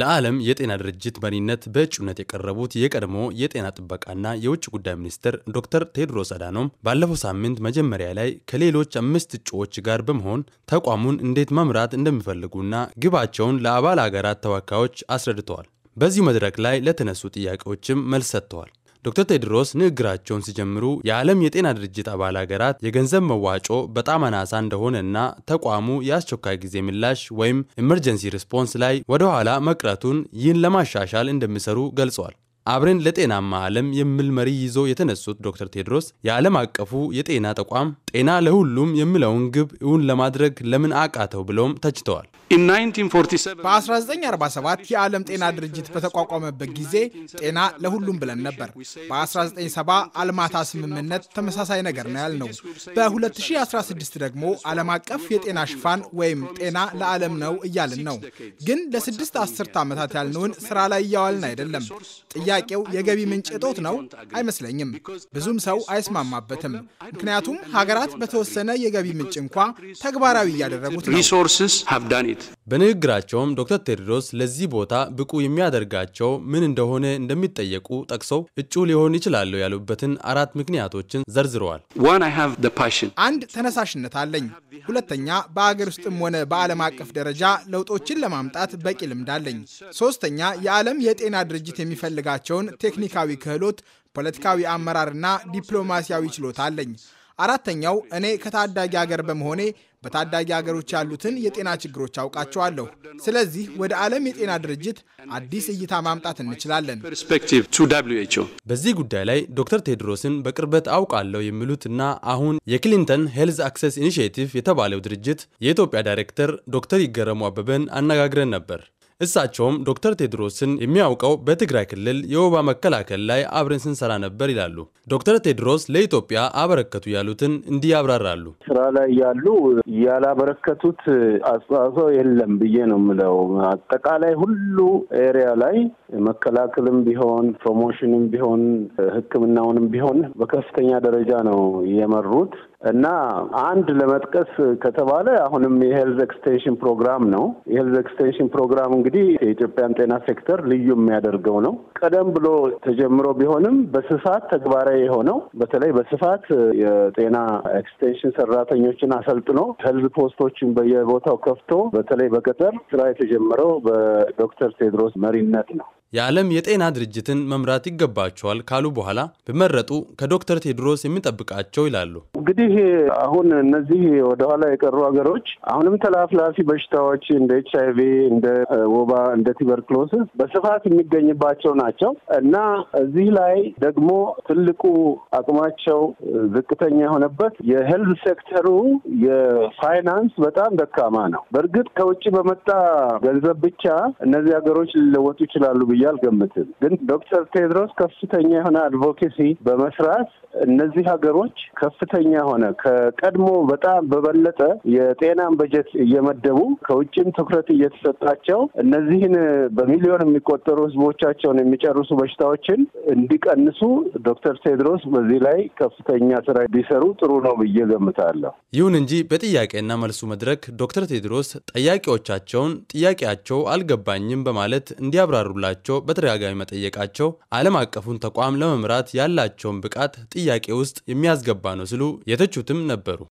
ለዓለም የጤና ድርጅት መሪነት በእጩነት የቀረቡት የቀድሞ የጤና ጥበቃና የውጭ ጉዳይ ሚኒስትር ዶክተር ቴድሮስ አዳኖም ባለፈው ሳምንት መጀመሪያ ላይ ከሌሎች አምስት እጩዎች ጋር በመሆን ተቋሙን እንዴት መምራት እንደሚፈልጉና ግባቸውን ለአባል አገራት ተወካዮች አስረድተዋል። በዚሁ መድረክ ላይ ለተነሱ ጥያቄዎችም መልስ ሰጥተዋል። ዶክተር ቴድሮስ ንግግራቸውን ሲጀምሩ የዓለም የጤና ድርጅት አባል ሀገራት የገንዘብ መዋጮ በጣም አናሳ እንደሆነና ተቋሙ የአስቸኳይ ጊዜ ምላሽ ወይም ኢመርጀንሲ ሪስፖንስ ላይ ወደኋላ መቅረቱን ይህን ለማሻሻል እንደሚሰሩ ገልጿል። አብረን ለጤናማ ዓለም የሚል መሪ ይዞ የተነሱት ዶክተር ቴድሮስ የዓለም አቀፉ የጤና ተቋም ጤና ለሁሉም የሚለውን ግብ እውን ለማድረግ ለምን አቃተው ብለውም ተችተዋል። በ1947 የዓለም ጤና ድርጅት በተቋቋመበት ጊዜ ጤና ለሁሉም ብለን ነበር። በ1970 አልማታ ስምምነት ተመሳሳይ ነገር ነው ያልነው። በ2016 ደግሞ ዓለም አቀፍ የጤና ሽፋን ወይም ጤና ለዓለም ነው እያልን ነው። ግን ለስድስት አስርት ዓመታት ያልነውን ስራ ላይ እያዋልን አይደለም። ጥያቄው የገቢ ምንጭ እጦት ነው አይመስለኝም። ብዙም ሰው አይስማማበትም። ምክንያቱም ሀገራት በተወሰነ የገቢ ምንጭ እንኳ ተግባራዊ እያደረጉት ነው። በንግግራቸውም ዶክተር ቴድሮስ ለዚህ ቦታ ብቁ የሚያደርጋቸው ምን እንደሆነ እንደሚጠየቁ ጠቅሰው እጩ ሊሆን ይችላሉ ያሉበትን አራት ምክንያቶችን ዘርዝረዋል። አንድ ተነሳሽነት አለኝ። ሁለተኛ በአገር ውስጥም ሆነ በዓለም አቀፍ ደረጃ ለውጦችን ለማምጣት በቂ ልምድ አለኝ። ሶስተኛ የዓለም የጤና ድርጅት የሚፈልጋቸውን ቴክኒካዊ ክህሎት፣ ፖለቲካዊ አመራርና ዲፕሎማሲያዊ ችሎታ አለኝ። አራተኛው እኔ ከታዳጊ ሀገር በመሆኔ በታዳጊ ሀገሮች ያሉትን የጤና ችግሮች አውቃቸዋለሁ። ስለዚህ ወደ ዓለም የጤና ድርጅት አዲስ እይታ ማምጣት እንችላለን። በዚህ ጉዳይ ላይ ዶክተር ቴድሮስን በቅርበት አውቃለሁ የሚሉት እና አሁን የክሊንተን ሄልዝ አክሰስ ኢኒሽቲቭ የተባለው ድርጅት የኢትዮጵያ ዳይሬክተር ዶክተር ይገረሙ አበበን አነጋግረን ነበር። እሳቸውም ዶክተር ቴድሮስን የሚያውቀው በትግራይ ክልል የወባ መከላከል ላይ አብረን ስንሰራ ነበር ይላሉ። ዶክተር ቴድሮስ ለኢትዮጵያ አበረከቱ ያሉትን እንዲህ ያብራራሉ። ስራ ላይ ያሉ ያላበረከቱት አስተዋጽኦ የለም ብዬ ነው የምለው። አጠቃላይ ሁሉ ኤሪያ ላይ መከላከልም ቢሆን ፕሮሞሽንም ቢሆን ሕክምናውንም ቢሆን በከፍተኛ ደረጃ ነው የመሩት እና አንድ ለመጥቀስ ከተባለ አሁንም የሄልዝ ኤክስቴንሽን ፕሮግራም ነው። የሄልዝ ኤክስቴንሽን ፕሮግራም እንግዲህ እንግዲህ የኢትዮጵያን ጤና ሴክተር ልዩ የሚያደርገው ነው። ቀደም ብሎ ተጀምሮ ቢሆንም በስፋት ተግባራዊ የሆነው በተለይ በስፋት የጤና ኤክስቴንሽን ሰራተኞችን አሰልጥኖ ሄልዝ ፖስቶችን በየቦታው ከፍቶ በተለይ በገጠር ስራ የተጀመረው በዶክተር ቴድሮስ መሪነት ነው። የዓለም የጤና ድርጅትን መምራት ይገባቸዋል ካሉ በኋላ በመረጡ ከዶክተር ቴድሮስ የሚጠብቃቸው ይላሉ። እንግዲህ አሁን እነዚህ ወደኋላ የቀሩ ሀገሮች አሁንም ተላፍላፊ በሽታዎች እንደ ኤች አይቪ፣ እንደ ወባ፣ እንደ ቱበርክሎስስ በስፋት የሚገኝባቸው ናቸው እና እዚህ ላይ ደግሞ ትልቁ አቅማቸው ዝቅተኛ የሆነበት የሄልዝ ሴክተሩ የፋይናንስ በጣም ደካማ ነው። በእርግጥ ከውጭ በመጣ ገንዘብ ብቻ እነዚህ ሀገሮች ሊለወጡ ይችላሉ ብዬ ብዬ አልገምትም። ግን ዶክተር ቴድሮስ ከፍተኛ የሆነ አድቮኬሲ በመስራት እነዚህ ሀገሮች ከፍተኛ ሆነ ከቀድሞ በጣም በበለጠ የጤናን በጀት እየመደቡ ከውጭም ትኩረት እየተሰጣቸው እነዚህን በሚሊዮን የሚቆጠሩ ህዝቦቻቸውን የሚጨርሱ በሽታዎችን እንዲቀንሱ ዶክተር ቴድሮስ በዚህ ላይ ከፍተኛ ስራ ቢሰሩ ጥሩ ነው ብዬ ገምታለሁ። ይሁን እንጂ በጥያቄና መልሱ መድረክ ዶክተር ቴድሮስ ጠያቂዎቻቸውን ጥያቄያቸው አልገባኝም በማለት እንዲያብራሩላቸው እንዲያደርጋቸው በተደጋጋሚ መጠየቃቸው ዓለም አቀፉን ተቋም ለመምራት ያላቸውን ብቃት ጥያቄ ውስጥ የሚያስገባ ነው ሲሉ የተቹትም ነበሩ።